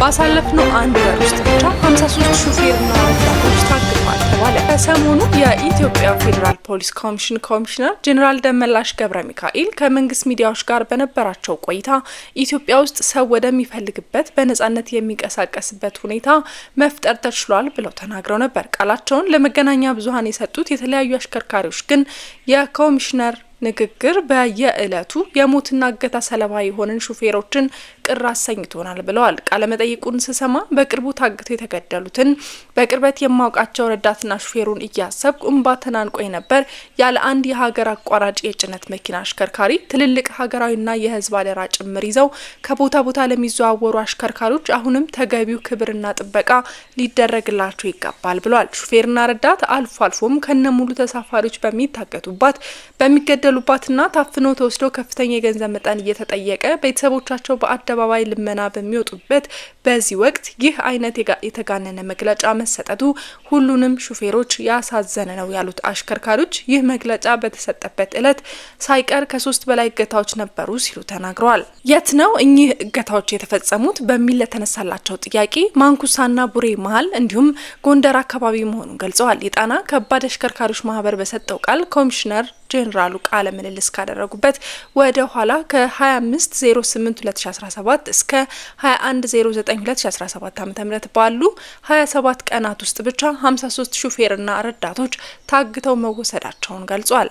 ባሳለፍነው አንድ ወር ውስጥ ብቻ 53 ሹፌርና ረዳቶች ታግተዋል ተባለ። ከሰሞኑ የኢትዮጵያ ፌዴራል ፖሊስ ኮሚሽን ኮሚሽነር ጄኔራል ደመላሽ ገብረ ሚካኤል ከመንግስት ሚዲያዎች ጋር በነበራቸው ቆይታ ኢትዮጵያ ውስጥ ሰው ወደሚፈልግበት በነጻነት የሚንቀሳቀስበት ሁኔታ መፍጠር ተችሏል ብለው ተናግረው ነበር። ቃላቸውን ለመገናኛ ብዙኃን የሰጡት የተለያዩ አሽከርካሪዎች ግን የኮሚሽነር ንግግር በየዕለቱ የሞትና እገታ ሰለባ የሆንን ሹፌሮችን ቅር አሰኝቶናል ብለዋል። ቃለመጠይቁን ስሰማ በቅርቡ ታግተው የተገደሉትን በቅርበት የማውቃቸው ረዳትና ሹፌሩን እያሰብኩ እምባ ተናንቆኝ ነበር ያለ አንድ የሀገር አቋራጭ የጭነት መኪና አሽከርካሪ ትልልቅ ሀገራዊና የህዝብ አደራ ጭምር ይዘው ከቦታ ቦታ ለሚዘዋወሩ አሽከርካሪዎች አሁንም ተገቢው ክብርና ጥበቃ ሊደረግላቸው ይገባል ብለዋል። ሹፌርና ረዳት አልፎ አልፎም ከነሙሉ ተሳፋሪዎች በሚታገቱባት በሚገደ የገደሉባትና ታፍኖ ተወስዶ ከፍተኛ የገንዘብ መጠን እየተጠየቀ ቤተሰቦቻቸው በአደባባይ ልመና በሚወጡበት በዚህ ወቅት ይህ አይነት የተጋነነ መግለጫ መሰጠቱ ሁሉንም ሹፌሮች ያሳዘነ ነው ያሉት አሽከርካሪዎች ይህ መግለጫ በተሰጠበት ዕለት ሳይቀር ከሶስት በላይ እገታዎች ነበሩ ሲሉ ተናግረዋል። የት ነው እኚህ እገታዎች የተፈጸሙት በሚል ለተነሳላቸው ጥያቄ ማንኩሳና ቡሬ መሀል እንዲሁም ጎንደር አካባቢ መሆኑን ገልጸዋል። የጣና ከባድ አሽከርካሪዎች ማህበር በሰጠው ቃል ኮሚሽነር ጄኔራሉ ቃል ቃለ ምልልስ ካደረጉበት ወደ ኋላ ከ 2017 እስከ 21092017 ዓ.ም ባሉ 27 ቀናት ውስጥ ብቻ 53 ሹፌርና ረዳቶች ታግተው መወሰዳቸውን ገልጿል።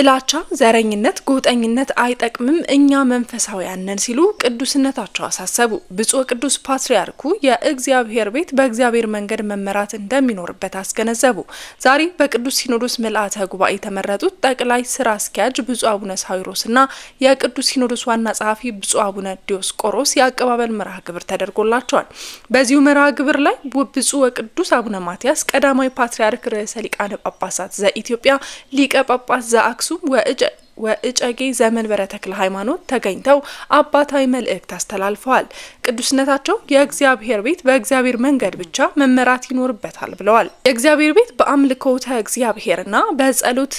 ጥላቻ፣ ዘረኝነት፣ ጎጠኝነት አይጠቅምም፣ እኛ መንፈሳውያን ነን ሲሉ ቅዱስነታቸው አሳሰቡ። ብፁዕ ቅዱስ ፓትርያርኩ የእግዚአብሔር ቤት በእግዚአብሔር መንገድ መመራት እንደሚኖርበት አስገነዘቡ። ዛሬ በቅዱስ ሲኖዶስ ምልአተ ጉባኤ የተመረጡት ጠቅላይ ስራ አስኪያጅ ብፁዕ አቡነ ሳዊሮስና የቅዱስ ሲኖዶስ ዋና ጸሐፊ ብፁዕ አቡነ ዲዮስቆሮስ የአቀባበል መርሃ ግብር ተደርጎላቸዋል። በዚሁ መርሃ ግብር ላይ ብፁዕ ወቅዱስ አቡነ ማትያስ ቀዳማዊ ፓትርያርክ ርዕሰ ሊቃነ ጳጳሳት ዘኢትዮጵያ ሊቀ ጳጳስ ዘአክሱ አክሱም ወእጨጌ ዘመንበረ ተክለ ሃይማኖት ተገኝተው አባታዊ መልእክት አስተላልፈዋል። ቅዱስነታቸው የእግዚአብሔር ቤት በእግዚአብሔር መንገድ ብቻ መመራት ይኖርበታል ብለዋል። የእግዚአብሔር ቤት በአምልኮተ እግዚአብሔርና በጸሎት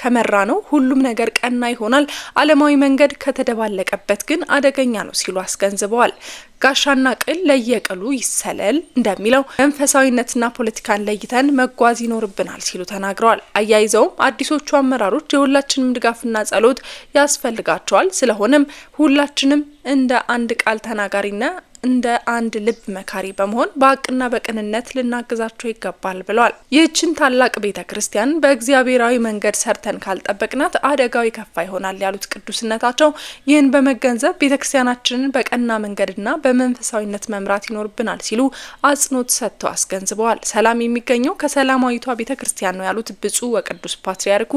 ከመራ ነው ሁሉም ነገር ቀና ይሆናል። አለማዊ መንገድ ከተደባለቀበት ግን አደገኛ ነው ሲሉ አስገንዝበዋል። ጋሻና ቅል ለየቅሉ ይሰለል እንደሚለው መንፈሳዊነትና ፖለቲካን ለይተን መጓዝ ይኖርብናል ሲሉ ተናግረዋል። አያይዘውም አዲሶቹ አመራሮች የሁላችንም ድጋፍና ጸሎት ያስፈልጋቸዋል። ስለሆነም ሁላችንም እንደ አንድ ቃል ተናጋሪና እንደ አንድ ልብ መካሪ በመሆን በሀቅና በቅንነት ልናግዛቸው ይገባል ብለዋል። ይህችን ታላቅ ቤተ ክርስቲያን በእግዚአብሔራዊ መንገድ ሰርተን ካልጠበቅናት አደጋው ከፋ ይሆናል ያሉት ቅዱስነታቸው ይህን በመገንዘብ ቤተ ክርስቲያናችንን በቀና መንገድና በመንፈሳዊነት መምራት ይኖርብናል ሲሉ አጽንኦት ሰጥተው አስገንዝበዋል። ሰላም የሚገኘው ከሰላማዊቷ ቤተ ክርስቲያን ነው ያሉት ብፁዕ ወቅዱስ ፓትርያርኩ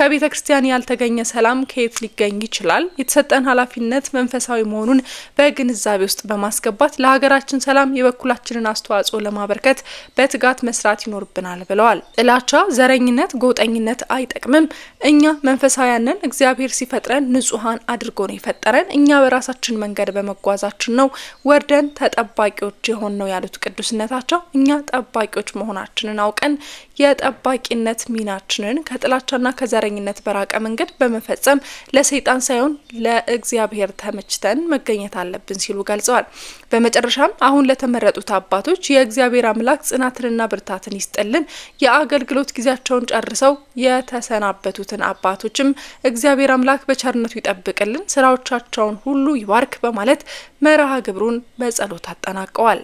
ከቤተ ክርስቲያን ያልተገኘ ሰላም ከየት ሊገኝ ይችላል? የተሰጠን ኃላፊነት መንፈሳዊ መሆኑን በግንዛቤ ውስጥ በማስ በማስገባት ለሀገራችን ሰላም የበኩላችንን አስተዋጽኦ ለማበርከት በትጋት መስራት ይኖርብናል ብለዋል። ጥላቻ፣ ዘረኝነት፣ ጎጠኝነት አይጠቅምም። እኛ መንፈሳውያንን እግዚአብሔር ሲፈጥረን ንጹሐን አድርጎ ነው የፈጠረን። እኛ በራሳችን መንገድ በመጓዛችን ነው ወርደን ተጠባቂዎች የሆን ነው ያሉት ቅዱስነታቸው እኛ ጠባቂዎች መሆናችንን አውቀን የጠባቂነት ሚናችንን ከጥላቻና ከዘረኝነት በራቀ መንገድ በመፈጸም ለሰይጣን ሳይሆን ለእግዚአብሔር ተመችተን መገኘት አለብን ሲሉ ገልጸዋል። በመጨረሻም አሁን ለተመረጡት አባቶች የእግዚአብሔር አምላክ ጽናትንና ብርታትን ይስጥልን። የአገልግሎት ጊዜያቸውን ጨርሰው የተሰናበቱትን አባቶችም እግዚአብሔር አምላክ በቸርነቱ ይጠብቅልን፣ ስራዎቻቸውን ሁሉ ይባርክ በማለት መርሃ ግብሩን በጸሎት አጠናቀዋል።